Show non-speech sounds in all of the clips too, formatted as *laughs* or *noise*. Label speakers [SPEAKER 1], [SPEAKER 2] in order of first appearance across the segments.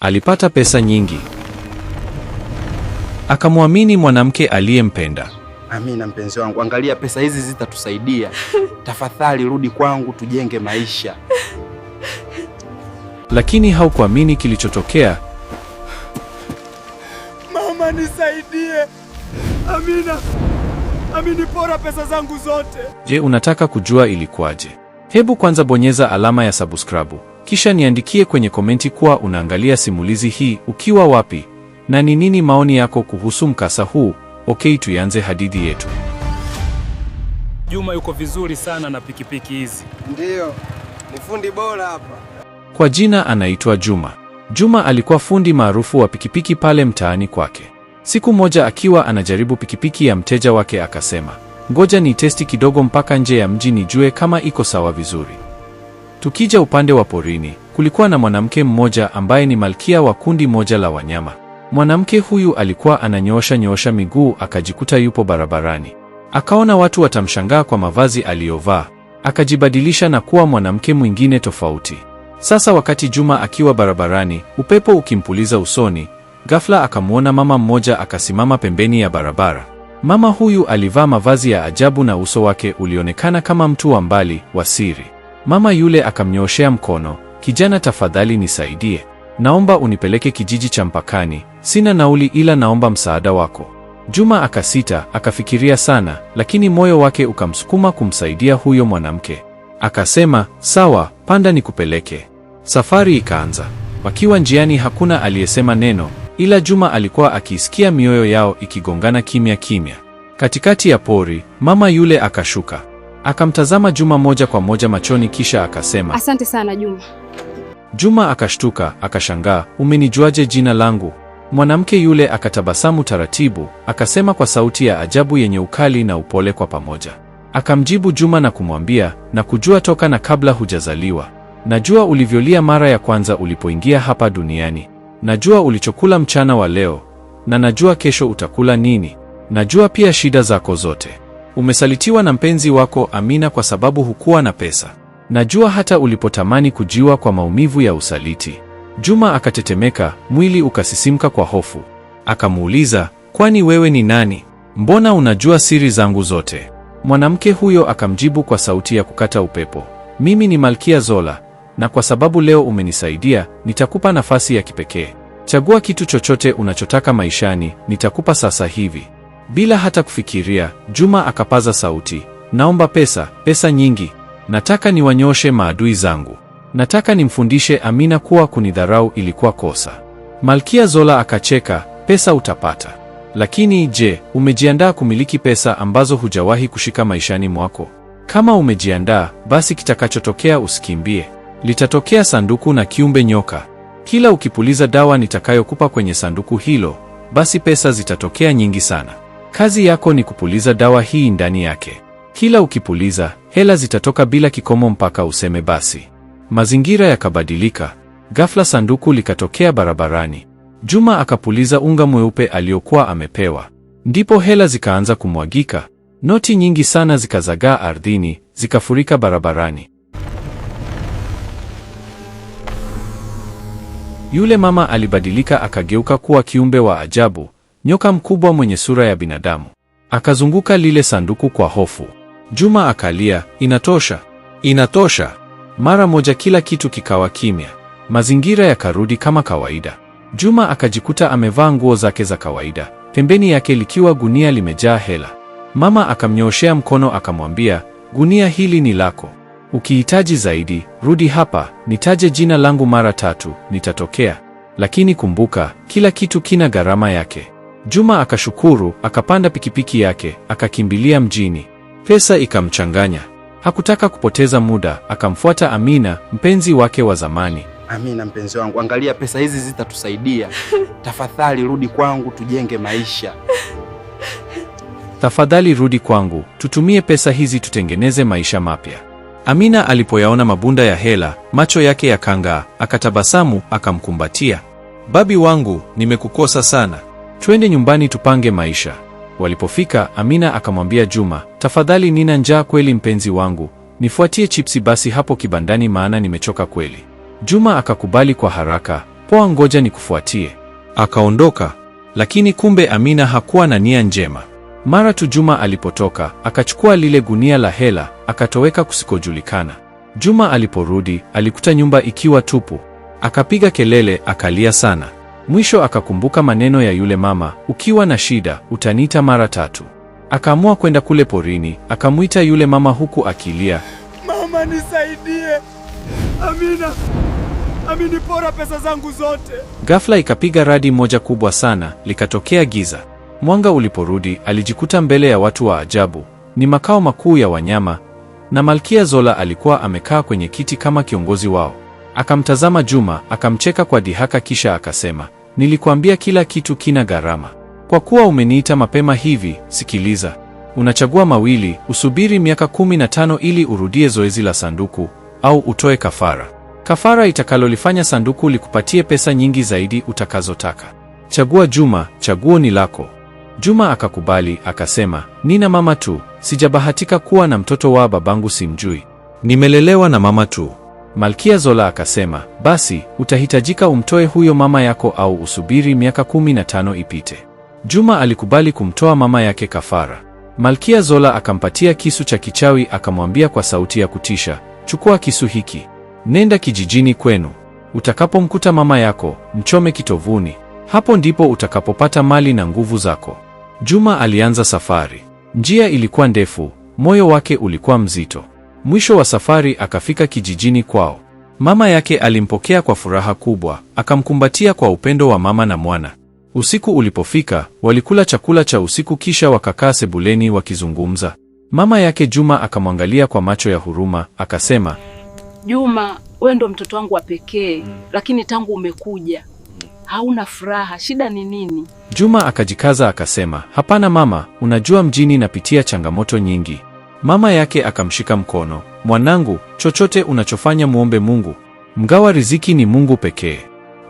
[SPEAKER 1] Alipata pesa nyingi, akamwamini mwanamke aliyempenda.
[SPEAKER 2] Amina, mpenzi wangu, angalia, pesa hizi zitatusaidia. *laughs* Tafadhali rudi kwangu, tujenge maisha.
[SPEAKER 1] Lakini haukuamini kilichotokea.
[SPEAKER 3] Mama, nisaidie! Amina pora pesa zangu zote.
[SPEAKER 1] Je, unataka kujua ilikuwaje? Hebu kwanza bonyeza alama ya subscribe kisha niandikie kwenye komenti kuwa unaangalia simulizi hii ukiwa wapi na ni nini maoni yako kuhusu mkasa huu. Okay, tuanze hadithi yetu.
[SPEAKER 4] Juma yuko vizuri sana na pikipiki hizi.
[SPEAKER 5] Ndiyo, ni fundi bora hapa.
[SPEAKER 1] Kwa jina anaitwa Juma. Juma alikuwa fundi maarufu wa pikipiki pale mtaani kwake. Siku moja akiwa anajaribu pikipiki ya mteja wake akasema, ngoja ni testi kidogo mpaka nje ya mji nijue kama iko sawa vizuri. Tukija upande wa porini, kulikuwa na mwanamke mmoja ambaye ni malkia wa kundi moja la wanyama. Mwanamke huyu alikuwa ananyoosha nyoosha miguu akajikuta yupo barabarani. Akaona watu watamshangaa kwa mavazi aliyovaa, akajibadilisha na kuwa mwanamke mwingine tofauti. Sasa wakati Juma akiwa barabarani, upepo ukimpuliza usoni, ghafla akamwona mama mmoja akasimama pembeni ya barabara. Mama huyu alivaa mavazi ya ajabu na uso wake ulionekana kama mtu wa mbali wa siri. Mama yule akamnyooshea mkono. Kijana, tafadhali nisaidie, naomba unipeleke kijiji cha mpakani, sina nauli, ila naomba msaada wako. Juma akasita, akafikiria sana, lakini moyo wake ukamsukuma kumsaidia huyo mwanamke. Akasema sawa, panda nikupeleke. Safari ikaanza. Wakiwa njiani, hakuna aliyesema neno, ila Juma alikuwa akiisikia mioyo yao ikigongana kimya kimya. Katikati ya pori, mama yule akashuka. Akamtazama Juma moja kwa moja machoni kisha akasema,
[SPEAKER 6] asante sana Juma.
[SPEAKER 1] Juma akashtuka akashangaa, umenijuaje jina langu? Mwanamke yule akatabasamu taratibu, akasema kwa sauti ya ajabu yenye ukali na upole kwa pamoja. Akamjibu Juma na kumwambia, na kujua toka na kabla hujazaliwa. Najua ulivyolia mara ya kwanza ulipoingia hapa duniani. Najua ulichokula mchana wa leo, na najua kesho utakula nini. Najua pia shida zako zote. Umesalitiwa na mpenzi wako Amina kwa sababu hukuwa na pesa. Najua hata ulipotamani kujiwa kwa maumivu ya usaliti. Juma akatetemeka, mwili ukasisimka kwa hofu. Akamuuliza, kwani wewe ni nani? Mbona unajua siri zangu zote? Mwanamke huyo akamjibu kwa sauti ya kukata upepo, mimi ni Malkia Zola, na kwa sababu leo umenisaidia, nitakupa nafasi ya kipekee. Chagua kitu chochote unachotaka maishani, nitakupa sasa hivi. Bila hata kufikiria, Juma akapaza sauti, naomba pesa, pesa nyingi. Nataka niwanyoshe maadui zangu. Nataka nimfundishe Amina kuwa kunidharau ilikuwa kosa. Malkia Zola akacheka, pesa utapata. Lakini je, umejiandaa kumiliki pesa ambazo hujawahi kushika maishani mwako? Kama umejiandaa, basi kitakachotokea usikimbie. Litatokea sanduku na kiumbe nyoka. Kila ukipuliza dawa nitakayokupa kwenye sanduku hilo, basi pesa zitatokea nyingi sana. Kazi yako ni kupuliza dawa hii ndani yake. Kila ukipuliza, hela zitatoka bila kikomo mpaka useme basi. Mazingira yakabadilika. Ghafla sanduku likatokea barabarani. Juma akapuliza unga mweupe aliokuwa amepewa. Ndipo hela zikaanza kumwagika. Noti nyingi sana zikazagaa ardhini, zikafurika barabarani. Yule mama alibadilika akageuka kuwa kiumbe wa ajabu nyoka mkubwa mwenye sura ya binadamu akazunguka lile sanduku kwa hofu. Juma akalia, inatosha, inatosha. Mara moja kila kitu kikawa kimya, mazingira yakarudi kama kawaida. Juma akajikuta amevaa nguo zake za kawaida, pembeni yake likiwa gunia limejaa hela. Mama akamnyooshea mkono akamwambia, gunia hili ni lako, ukihitaji zaidi rudi hapa, nitaje jina langu mara tatu, nitatokea. Lakini kumbuka, kila kitu kina gharama yake. Juma akashukuru, akapanda pikipiki yake, akakimbilia mjini. Pesa ikamchanganya. Hakutaka kupoteza muda, akamfuata Amina, mpenzi wake wa zamani.
[SPEAKER 2] Amina, mpenzi wangu, angalia pesa hizi zitatusaidia. *laughs* Tafadhali rudi kwangu, tujenge maisha.
[SPEAKER 1] Tafadhali rudi kwangu, tutumie pesa hizi tutengeneze maisha mapya. Amina alipoyaona mabunda ya hela, macho yake yakang'aa, akatabasamu, akamkumbatia. Babi wangu, nimekukosa sana twende nyumbani tupange maisha. Walipofika, Amina akamwambia Juma, tafadhali, nina njaa kweli mpenzi wangu, nifuatie chipsi basi hapo kibandani, maana nimechoka kweli. Juma akakubali kwa haraka, poa, ngoja nikufuatie. Akaondoka, lakini kumbe Amina hakuwa na nia njema. Mara tu Juma alipotoka, akachukua lile gunia la hela akatoweka kusikojulikana. Juma aliporudi alikuta nyumba ikiwa tupu, akapiga kelele, akalia sana. Mwisho akakumbuka maneno ya yule mama, ukiwa na shida utaniita mara tatu. Akaamua kwenda kule porini, akamwita yule mama huku akilia,
[SPEAKER 3] mama nisaidie, Amina aminipora pesa zangu zote.
[SPEAKER 1] Ghafla ikapiga radi moja kubwa sana, likatokea giza. Mwanga uliporudi, alijikuta mbele ya watu wa ajabu. Ni makao makuu ya wanyama, na Malkia Zola alikuwa amekaa kwenye kiti kama kiongozi wao. Akamtazama Juma, akamcheka kwa dhihaka, kisha akasema Nilikuambia kila kitu kina gharama. Kwa kuwa umeniita mapema hivi, sikiliza. Unachagua mawili, usubiri miaka kumi na tano ili urudie zoezi la sanduku au utoe kafara. Kafara itakalolifanya sanduku likupatie pesa nyingi zaidi utakazotaka. Chagua Juma, chaguo ni lako. Juma akakubali, akasema, nina mama tu, sijabahatika kuwa na mtoto wa babangu, simjui. Nimelelewa na mama tu. Malkia Zola akasema, basi utahitajika umtoe huyo mama yako au usubiri miaka kumi na tano ipite. Juma alikubali kumtoa mama yake kafara. Malkia Zola akampatia kisu cha kichawi, akamwambia kwa sauti ya kutisha, chukua kisu hiki, nenda kijijini kwenu. Utakapomkuta mama yako, mchome kitovuni. Hapo ndipo utakapopata mali na nguvu zako. Juma alianza safari. Njia ilikuwa ndefu, moyo wake ulikuwa mzito. Mwisho wa safari akafika kijijini kwao. Mama yake alimpokea kwa furaha kubwa, akamkumbatia kwa upendo wa mama na mwana. Usiku ulipofika, walikula chakula cha usiku kisha wakakaa sebuleni wakizungumza. Mama yake Juma akamwangalia kwa macho ya huruma, akasema,
[SPEAKER 6] Juma, wewe ndo mtoto wangu wa pekee, mm. lakini tangu umekuja hauna furaha. Shida ni nini?
[SPEAKER 1] Juma akajikaza akasema, hapana mama, unajua mjini napitia changamoto nyingi. Mama yake akamshika mkono, mwanangu, chochote unachofanya muombe Mungu, mgawa riziki ni Mungu pekee.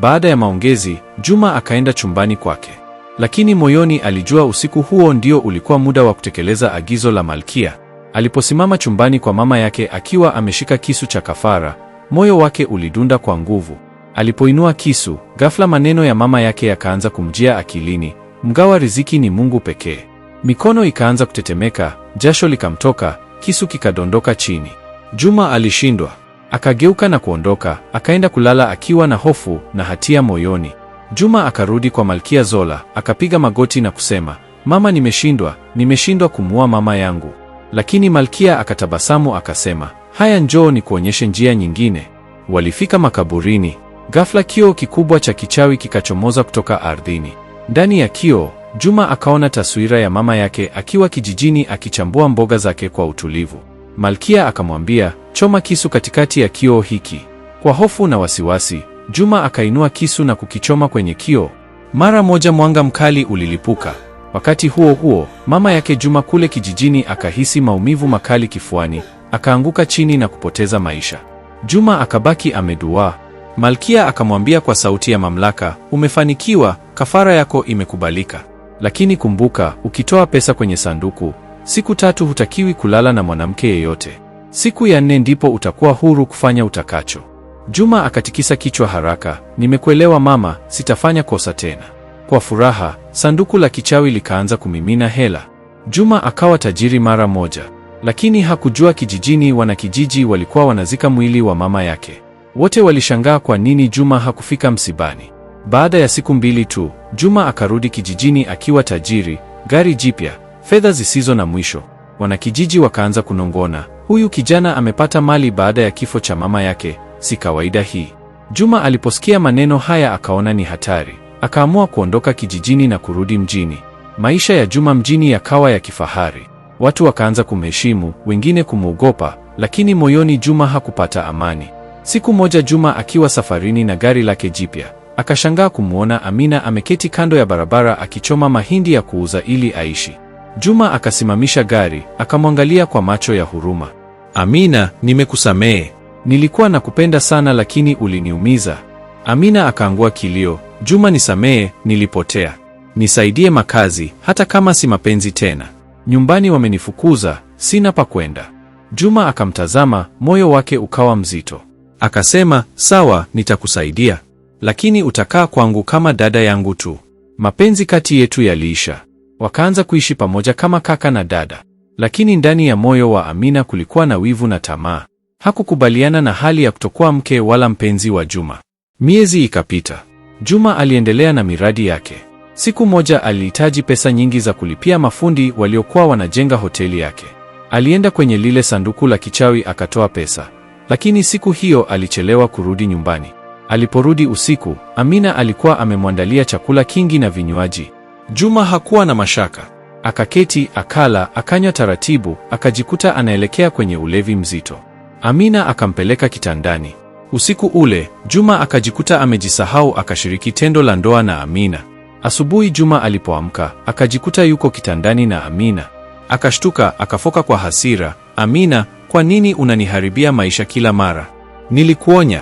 [SPEAKER 1] Baada ya maongezi, Juma akaenda chumbani kwake, lakini moyoni alijua usiku huo ndio ulikuwa muda wa kutekeleza agizo la Malkia. Aliposimama chumbani kwa mama yake akiwa ameshika kisu cha kafara, moyo wake ulidunda kwa nguvu. Alipoinua kisu, ghafla maneno ya mama yake yakaanza kumjia akilini, mgawa riziki ni Mungu pekee. Mikono ikaanza kutetemeka, jasho likamtoka, kisu kikadondoka chini. Juma alishindwa, akageuka na kuondoka, akaenda kulala akiwa na hofu na hatia moyoni. Juma akarudi kwa Malkia Zola, akapiga magoti na kusema, Mama, nimeshindwa, nimeshindwa kumuua mama yangu. Lakini Malkia akatabasamu akasema, haya, njoo ni kuonyeshe njia nyingine. Walifika makaburini. Ghafla kioo kikubwa cha kichawi kikachomoza kutoka ardhini. Ndani ya kioo Juma akaona taswira ya mama yake akiwa kijijini akichambua mboga zake kwa utulivu. Malkia akamwambia, choma kisu katikati ya kioo hiki. Kwa hofu na wasiwasi, Juma akainua kisu na kukichoma kwenye kioo. Mara moja mwanga mkali ulilipuka. Wakati huo huo, mama yake Juma kule kijijini akahisi maumivu makali kifuani, akaanguka chini na kupoteza maisha. Juma akabaki ameduaa. Malkia akamwambia kwa sauti ya mamlaka, umefanikiwa, kafara yako imekubalika. Lakini kumbuka, ukitoa pesa kwenye sanduku, siku tatu hutakiwi kulala na mwanamke yeyote. Siku ya nne ndipo utakuwa huru kufanya utakacho. Juma akatikisa kichwa haraka. Nimekuelewa mama, sitafanya kosa tena. Kwa furaha, sanduku la kichawi likaanza kumimina hela. Juma akawa tajiri mara moja, lakini hakujua kijijini wanakijiji walikuwa wanazika mwili wa mama yake. Wote walishangaa kwa nini Juma hakufika msibani. Baada ya siku mbili tu, Juma akarudi kijijini akiwa tajiri, gari jipya, fedha zisizo na mwisho. Wanakijiji wakaanza kunongona, huyu kijana amepata mali baada ya kifo cha mama yake, si kawaida hii. Juma aliposikia maneno haya akaona ni hatari, akaamua kuondoka kijijini na kurudi mjini. Maisha ya Juma mjini yakawa ya kifahari, watu wakaanza kumheshimu, wengine kumwogopa, lakini moyoni Juma hakupata amani. Siku moja Juma akiwa safarini na gari lake jipya Akashangaa kumwona Amina ameketi kando ya barabara akichoma mahindi ya kuuza ili aishi. Juma akasimamisha gari, akamwangalia kwa macho ya huruma. Amina, nimekusamehe. Nilikuwa nakupenda sana lakini uliniumiza. Amina akaangua kilio. Juma, nisamehe, nilipotea. Nisaidie makazi, hata kama si mapenzi tena. Nyumbani wamenifukuza, sina pa kwenda. Juma akamtazama, moyo wake ukawa mzito. Akasema, sawa, nitakusaidia lakini utakaa kwangu kama dada yangu tu. Mapenzi kati yetu yaliisha, wakaanza kuishi pamoja kama kaka na dada, lakini ndani ya moyo wa Amina kulikuwa na wivu na tamaa. Hakukubaliana na hali ya kutokuwa mke wala mpenzi wa Juma. Miezi ikapita, Juma aliendelea na miradi yake. Siku moja alihitaji pesa nyingi za kulipia mafundi waliokuwa wanajenga hoteli yake. Alienda kwenye lile sanduku la kichawi akatoa pesa, lakini siku hiyo alichelewa kurudi nyumbani. Aliporudi usiku, Amina alikuwa amemwandalia chakula kingi na vinywaji. Juma hakuwa na mashaka. Akaketi, akala, akanywa taratibu, akajikuta anaelekea kwenye ulevi mzito. Amina akampeleka kitandani. Usiku ule, Juma akajikuta amejisahau, akashiriki tendo la ndoa na Amina. Asubuhi Juma alipoamka, akajikuta yuko kitandani na Amina. Akashtuka, akafoka kwa hasira, Amina, kwa nini unaniharibia maisha kila mara? Nilikuonya.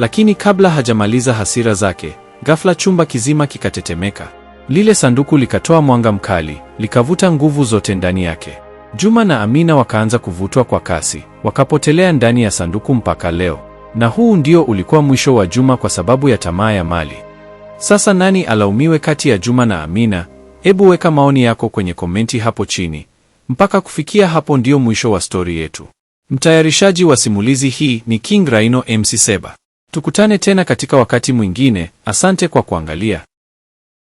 [SPEAKER 1] Lakini kabla hajamaliza hasira zake, ghafla chumba kizima kikatetemeka. Lile sanduku likatoa mwanga mkali, likavuta nguvu zote ndani yake. Juma na Amina wakaanza kuvutwa kwa kasi, wakapotelea ndani ya sanduku mpaka leo. Na huu ndio ulikuwa mwisho wa Juma kwa sababu ya tamaa ya mali. Sasa nani alaumiwe kati ya Juma na Amina? Hebu weka maoni yako kwenye komenti hapo chini. Mpaka kufikia hapo ndio mwisho wa stori yetu. Mtayarishaji wa simulizi hii ni King Rhino MC Seba. Tukutane tena katika wakati mwingine. Asante kwa kuangalia.